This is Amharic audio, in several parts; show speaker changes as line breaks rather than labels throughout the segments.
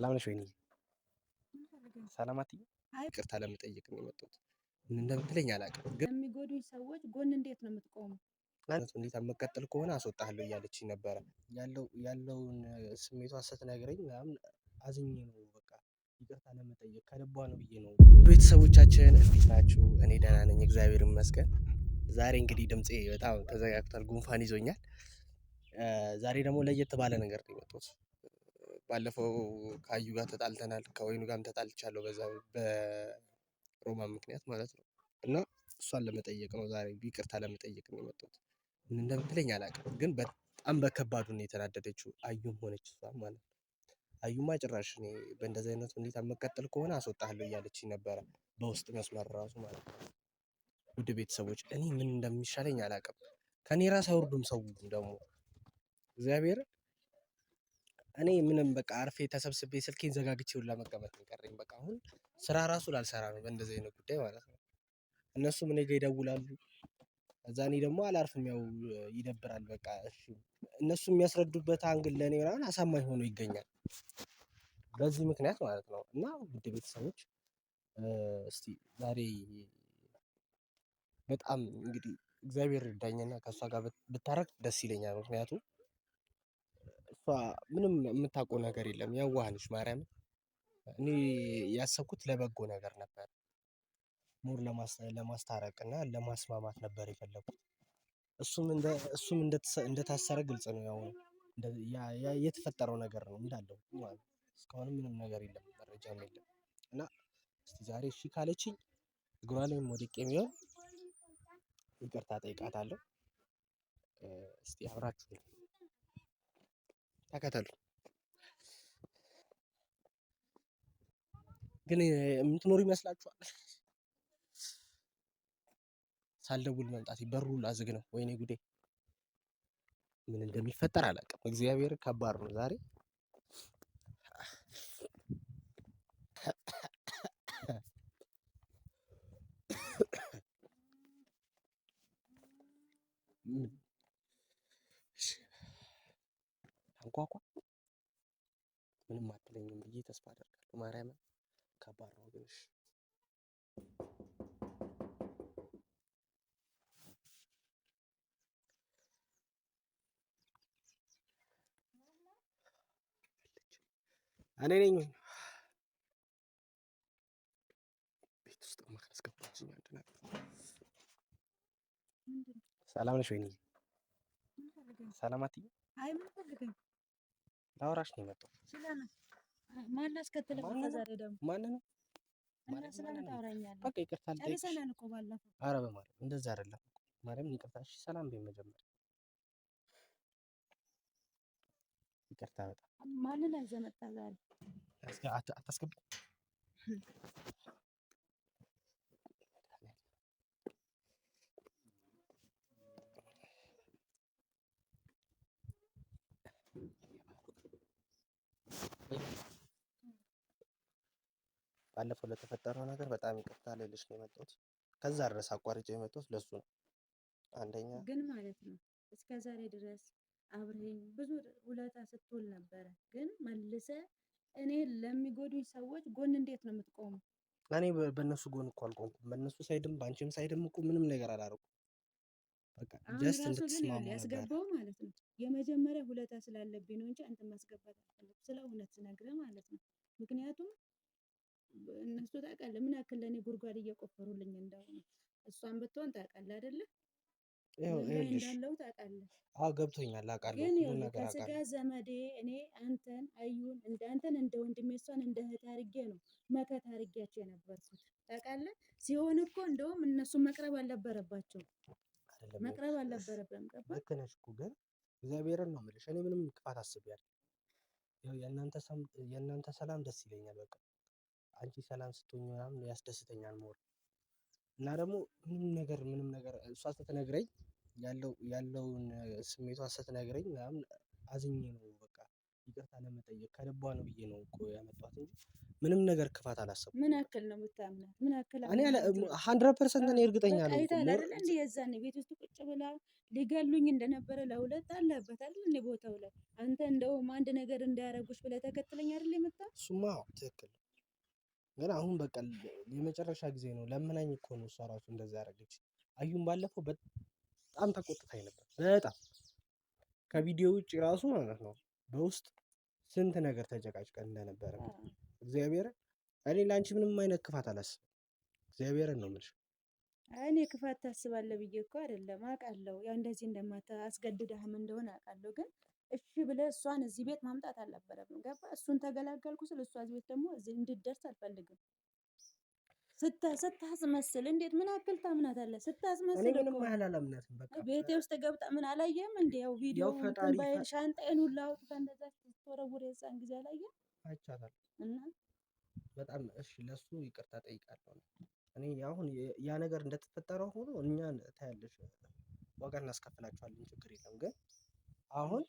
ሰላም ነሽ ወይኔ? ሰላማት አትይም? ይቅርታ ለመጠየቅ ነው የመጣሁት። እንደምትለኝ አላውቅም፣
ግን የሚጎዱኝ ሰዎች ጎን እንዴት ነው የምትቆሙ?
እንዴት አመቀጥል ከሆነ አስወጣለሁ እያለች ነበረ። ያለውን ስሜቷ ስትነግረኝ ምናምን አዝኜ ነው በቃ ይቅርታ ለመጠየቅ ከልቧ ነው ብዬ ነው። ቤተሰቦቻችን እንዴት ናችሁ? እኔ ደህና ነኝ እግዚአብሔር ይመስገን። ዛሬ እንግዲህ ድምፄ በጣም ተዘጋግቷል፣ ጉንፋን ይዞኛል። ዛሬ ደግሞ ለየት ባለ ነገር ነው የመጣሁት ባለፈው ከአዩ ጋር ተጣልተናል፣ ከወይኑ ጋርም ተጣልቻለሁ። በዛ በሮማን ምክንያት ማለት ነው። እና እሷን ለመጠየቅ ነው ዛሬ ይቅርታ ለመጠየቅ ነው የመጣሁት። ምን እንደምትለኝ አላውቅም፣ ግን በጣም በከባዱ ነው የተናደደችው አዩም ሆነች እሷ ማለት ነው። አዩማ ጭራሽ እኔ በእንደዚህ አይነት ሁኔታ መቀጠል ከሆነ አስወጣለሁ እያለች ነበረ፣ በውስጥ መስመር ራሱ ማለት ነው። ውድ ቤተሰቦች እኔ ምን እንደሚሻለኝ አላውቅም። ከኔ ራስ አውርዱም ሰው ደግሞ እግዚአብሔር እኔ ምንም በቃ አርፌ ተሰብስቤ ስልኬን ዘጋግቼ ሁላ መቀመጥ ነው የቀረኝ በቃ አሁን ስራ ራሱ ላልሰራ ነው በእንደዚህ አይነት ጉዳይ ማለት ነው። እነሱም እኔ ጋር ይደውላሉ። ከዛ እኔ ደግሞ አላርፍም ያው ይደብራል በቃ እሺ እነሱ የሚያስረዱበት አንግል ለኔ ምናምን አሳማኝ ሆኖ ይገኛል። በዚህ ምክንያት ማለት ነው እና ውድ ቤተሰቦች እስቲ ዛሬ በጣም እንግዲህ እግዚአብሔር ይርዳኝና ከእሷ ጋር ብታረቅ ደስ ይለኛል ምክንያቱም ምንም የምታውቀው ነገር የለም የዋህ ማርያም እኔ ያሰብኩት ለበጎ ነገር ነበር። ሙር ለማስታረቅ እና ለማስማማት ነበር የፈለኩት። እሱም እንደታሰረ ግልጽ ነው። ያው የተፈጠረው ነገር ነው እንዳለው ማለት እስካሁንም ምንም ነገር የለም መረጃም የለም። እና እስቲ ዛሬ እሺ ካለችኝ እግሯ ላይም ወድቄ ቢሆን ይቅርታ ጠይቃታለሁ። እስቲ አብራችሁ ተከተሉ። ግን የምትኖሩ ይመስላችኋል? ሳልደውል መምጣቴ በሩ ላዝግ ነው። ወይኔ ጉዴ! ምን እንደሚፈጠር አላውቅም። እግዚአብሔር ከባድ ነው ዛሬ አንኳኳ ምንም አትለኝም ብዬ ተስፋ አደርጋለሁ። ማርያምን ከባድ ነው ግን እሺ እኔ ነኝ ቤት ውስጥ ማስገባች አንድ ሰላም ነሽ ወይኔ ሰላም አትይም ላውራሽ ነው የመጣው።
ማን አስከትልህ?
ዛሬ በቃ ይቅርታ ልጠይቅሽ። ኧረ በማርያም እንደዛ አይደለም። ማርያምን ይቅርታ። እሺ ሰላም በይኝ መጀመሪያ። ይቅርታ በጣም
ማንን አዘመጣ ዛሬ
አታስገብም ባለፈው ለተፈጠረው ነገር በጣም ይቅርታ ልልሽ ነው የመጣሁት። ከዛ ድረስ አቋርጬ የመጣሁት ለሱ ነው። አንደኛ
ግን ማለት ነው እስከ ዛሬ ድረስ አብረኝ ብዙ ውለታ ስትውል ነበረ። ግን መልሰ እኔ ለሚጎዱኝ ሰዎች ጎን እንዴት ነው የምትቆሙ?
እኔ በእነሱ ጎን እኮ አልቆምኩም። በእነሱ ሳይድም በአንቺም ሳይድም እኮ ምንም ነገር አላደረኩም።
ያስገባው ማለት ነው። የመጀመሪያ ሁለታ ስላለብኝ ነው እንጂ አንተ ማስገባት አልፈልግም። ስለ እውነት ስነግርህ ማለት ነው። ምክንያቱም እነሱ ታውቃለህ ምን ያክል ለእኔ ጉድጓድ እየቆፈሩልኝ እንደሆነ እሷን ብትሆን ታውቃለህ አይደለ?
እንዳለው ታውቃለህ። አዎ ገብቶኛል፣ አውቃለሁ።
ግን ከስጋ ዘመዴ እኔ አንተን አዩን እንደ አንተን እንደ ወንድሜ እሷን እንደ እህት አድርጌ ነው መከት አድርጌያቸው የነበርኩት ታውቃለህ። ሲሆን እኮ እንደውም እነሱን መቅረብ አልነበረባቸውም። አይደለም መቅረብ አልነበረብንም። ገባሽ?
ልክ ነሽ እኮ ግን እግዚአብሔርን ነው የምልሽ። እኔ ምንም ክፋት አስቤ የእናንተ ሰላም ደስ ይለኛል። በቃ አንቺ ሰላም ስትሆኝ ምናምን ያስደስተኛል መሆን እና ደግሞ ምንም ነገር ምንም ነገር እሷ ስትነግረኝ ያለውን ስሜቷን ስትነግረኝ ምናምን አዝኜ ነው ይቅርታ ለመጠየቅ ከልቧ ነው ብዬ ነው እኮ ያመጣኋት እንጂ ምንም ነገር ክፋት አላሰብኩም።
ምን ያክል ነው የምታምናት? ምን ያክል
እኔ ሀንድረድ ፐርሰንት እኔ እርግጠኛ ነው።
አይተሃል አይደል? እንደ የዛን ቤት ውስጥ ቁጭ ብላ ሊገሉኝ እንደነበረ ለሁለት አለበት አይደል? እንደ ቦታው ላይ አንተ እንደውም አንድ ነገር እንዳያረጉሽ ብለህ ተከትለኝ አይደል የመጣ
እሱማ ትክክል ግን አሁን በቃ የመጨረሻ ጊዜ ነው ለምናኝ እኮ ነው እሷ ራሱ እንደዛ ያደረገች። አዩም ባለፈው በጣም ተቆጥታኝ ነበር። በጣም ከቪዲዮ ውጭ ራሱ ማለት ነው በውስጥ ስንት ነገር ተጨቃጭቀን እንደነበረ እግዚአብሔር እኔ ለአንቺ ምንም አይነት ክፋት አላስብም። እግዚአብሔርን ነው የምልሽ።
እኔ ክፋት ታስባለ ብዬ እኮ አይደለም። አውቃለሁ ያው እንደዚህ እንደማታስገድድህም እንደሆነ አውቃለሁ። ግን እሺ ብለ እሷን እዚህ ቤት ማምጣት አልነበረም። ገባ? እሱን ተገላገልኩ ስል እሷ እዚህ ቤት ደግሞ እንድደርስ አልፈልግም። ስታስመስል እንዴት ምን አክል ታምናታለህ? ስታስመስል ቤቴ ውስጥ ገብታ ምን አላየም እንዲ ያው ቪዲዮ ሻንጣዬን ሁላ አውጥታ እንደዛ ስትወረውር የዛን ጊዜ አላየህ?
አይቻላል እና በጣም እሺ፣ ለሱ ይቅርታ ጠይቃለሁ። እኔ አሁን ያ ነገር እንደተፈጠረው ሆኖ እኛ ታያለሽ፣ ዋጋ እናስከፍላችኋለን፣ ችግር የለም። ግን አሁን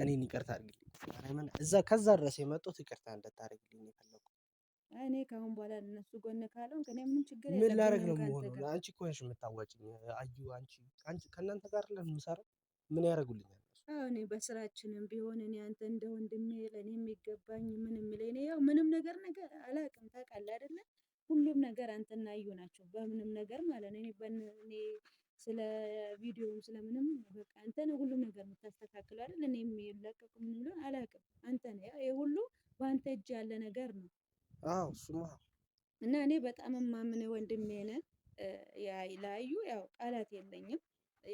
እኔን ይቅርታ አድርግልኝ። እዛ ከዛ ድረስ የመጡት ይቅርታ እንድታደርግልኝ የፈለኩ
እኔ ከአሁን በኋላ እነሱ ጎን ካለው እኔ ምንም ችግር
ምን ላደርግ ነው የምሆነው? አንቺ እኮ ነሽ የምታዋጭኝ። አዩ፣ አንቺ ከእናንተ ጋር ለምንሰራ ምን ያደርጉልኛል?
እኔ በስራችንም ቢሆን እኔ አንተ እንደ ወንድሜ ለእኔ የሚገባኝ ምን የሚለኝ እኔ ያው ምንም ነገር ነገር አላቅም። ታውቃለህ አይደለ ሁሉም ነገር አንተና አዩ ናቸው። በምንም ነገር ማለት ነው። እኔ ስለ ቪዲዮም ስለ ምንም በቃ አንተ ነው ሁሉም ነገር የምታስተካክለው አይደል እኔ የሚለቀቅ ምን የሚለው አላቅም። አንተ ነው ያው የሁሉ በአንተ እጅ ያለ ነገር ነው። አዎ እሱማ እና እኔ በጣም የማምንህ ወንድሜ ነህ። ለአዩ ያው ቃላት የለኝም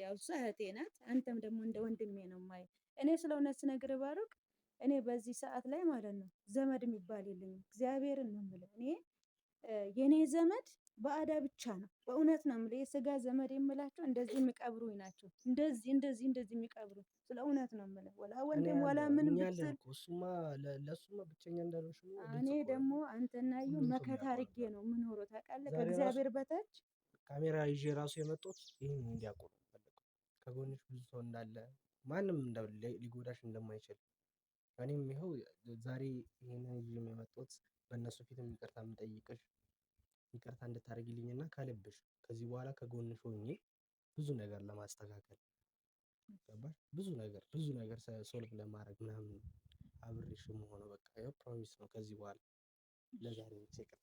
ያው እሷ እህቴ ናት። አንተም ደግሞ እንደ ወንድሜ ነው ማይ እኔ ስለ እውነት ስነግር ባሩክ፣ እኔ በዚህ ሰዓት ላይ ማለት ነው ዘመድ የሚባል የለኝም። እግዚአብሔርን ነው የምለው እኔ የእኔ ዘመድ በአዳ ብቻ ነው። በእውነት ነው የምለው የስጋ ዘመድ የምላቸው እንደዚህ የሚቀብሩኝ ናቸው። እንደዚህ እንደዚህ እንደዚህ የሚቀብሩ ስለ እውነት ነው የምለው ወላ ወንድም ወላ ምን ብትል እኔ ደግሞ አንተናዩ መከታ አድርጌ ነው የምኖረው ታውቃለህ። ከእግዚአብሔር በታች
ካሜራ ይዤ ራሱ የመጡት ይህን እንዲያውቁ ነው ከጎንሽ ብዙ ሰው እንዳለ ማንም ሊጎዳሽ እንደማይችል እኔም ይኸው ዛሬ ይህንን ይዤ የመጣሁት በእነሱ ፊት ይቅርታ የምጠይቅሽ ይቅርታ እንድታደርግልኝ እና ከልብሽ ከዚህ በኋላ ከጎንሽ ሆኜ ብዙ ነገር ለማስተካከል ገባሽ? ብዙ ነገር ብዙ ነገር ሶልቭ ለማድረግ ምናምን አብሬሽ የምሆነው በቃ ይኸው ፕሮሚስ ነው። ከዚህ በኋላ ለዛሬ ይቅርታ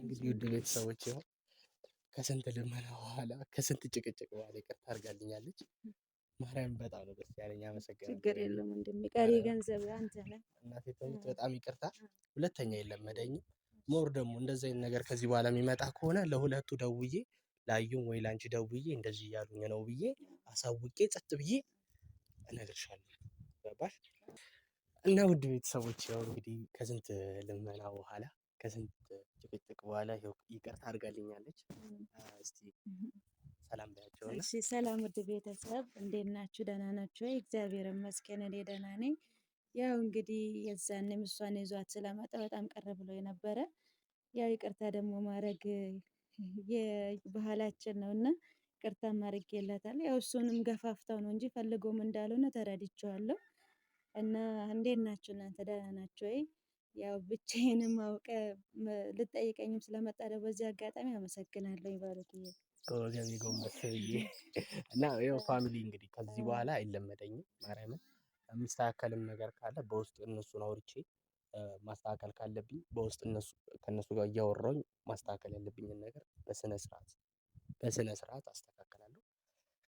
እንግዲህ ውድ ቤተሰቦች ይኸው ከስንት ልመና በኋላ ከስንት ጭቅጭቅ በኋላ ይቅርታ አድርጋልኛለች። ማርያም በጣም ነው ደስ ያለኝ። አመሰግናለሁ።
ችግር የለም ቀሪ ገንዘብ አንተ ነህ
እናቴ ተውት። በጣም ይቅርታ። ሁለተኛ የለመደኝም ሞር ደግሞ እንደዚህ አይነት ነገር ከዚህ በኋላ የሚመጣ ከሆነ ለሁለቱ ደውዬ ላዩም ወይ ላንቺ ደውዬ እንደዚህ እያሉኝ ነው ብዬ አሳውቄ ጸጥ ብዬ እነግርሻለሁ። ገባሽ? እና ውድ ቤተሰቦች ያው እንግዲህ ከስንት ልመና በኋላ ከስንት ጭቅጭቅ በኋላ ይቅርታ አድርጋልኛለች። እስቲ ሰላም ባያቸው። እሺ
ሰላም፣ ውድ ቤተሰብ እንዴት ናችሁ? ደህና ናችሁ? እግዚአብሔር ይመስገን እኔ ደህና ነኝ። ያው እንግዲህ የዛንም እሷን ይዟት ስለመጣ በጣም ቀረ ብሎ የነበረ ያው ይቅርታ ደግሞ ማድረግ የባህላችን ነው እና ይቅርታ ማድረግ ያው እሱንም ገፋፍታው ነው እንጂ ፈልጎም እንዳልሆነ ተረድቼዋለሁ። እና እንዴት ናችሁ እናንተ ደህና ናችሁ ወይ? ያው ብቻዬንም አውቀ ልጠይቀኝም ስለመጣ ደግሞ በዚህ አጋጣሚ አመሰግናለሁ ማለት ነው።
ከወገን ጎንበስ ብዬ እና ያው ፋሚሊ እንግዲህ ከዚህ በኋላ አይለመደኝም። ማርያምን የሚስተካከልም ነገር ካለ በውስጥ እነሱን አውርቼ ማስተካከል ካለብኝ በውስጥ እነሱ ከእነሱ ጋር እያወራሁኝ ማስተካከል ያለብኝን ነገር በስነ ስርዓት በስነ ስርዓት አስተካክላለሁ።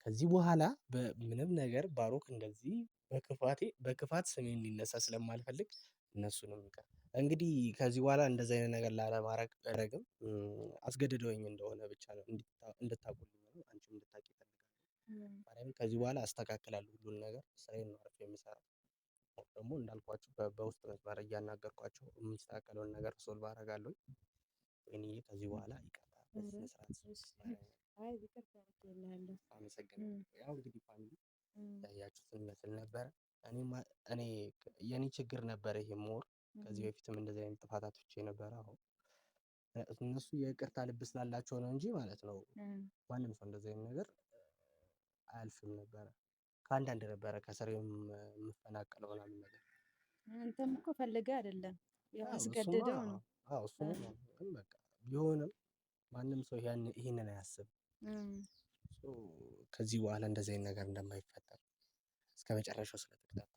ከዚህ በኋላ በምንም ነገር ባሮክ እንደዚህ በክፋቴ በክፋት ስሜ እንዲነሳ ስለማልፈልግ እነሱንም እንግዲህ ከዚህ በኋላ እንደዚህ አይነት ነገር ላለማድረግ አላደርግም። አስገድደውኝ እንደሆነ ብቻ ነው እንድታውቁልኝ ነው አንቺም እንድታውቂ እፈልጋለሁ። ማርያምን ከዚህ በኋላ አስተካክላል ሁሉን ነገር ስራዬን ነው አርፌ የምሰራው። ደግሞ እንዳልኳቸው በውስጥ መስመር እያናገርኳቸው የሚስተካከለውን ነገር ሶልቭ አደርጋለሁኝ። ወይንዬ ከዚህ በኋላ ይቅርታ በስነ አመሰግናለሁ። ያው እንግዲህ ፋሚሊ ያያችሁትን ይመስል ነበረ እኔ የኔ ችግር ነበር ይሄ ሞር ከዚህ በፊትም እንደዚህ አይነት ጥፋታቶች የነበረ አሁን እነሱ የቅርታ ልብ ስላላቸው ነው እንጂ ማለት ነው። ማንም ሰው እንደዚህ አይነት ነገር አያልፍም ነበረ። ከአንዳንድ ነበረ ከስር የምፈናቀለው ምናምን ነገር
አንተም እኮ ፈልገ አይደለም
ያስገደደው ነው። እሱ ግን በቃ ቢሆንም ማንም ሰው ይህንን አያስብም ከዚህ በኋላ እንደዚህ አይነት ነገር እንደማይፈጠር እስከ መጨረሻው ስለተከታተላችሁኝ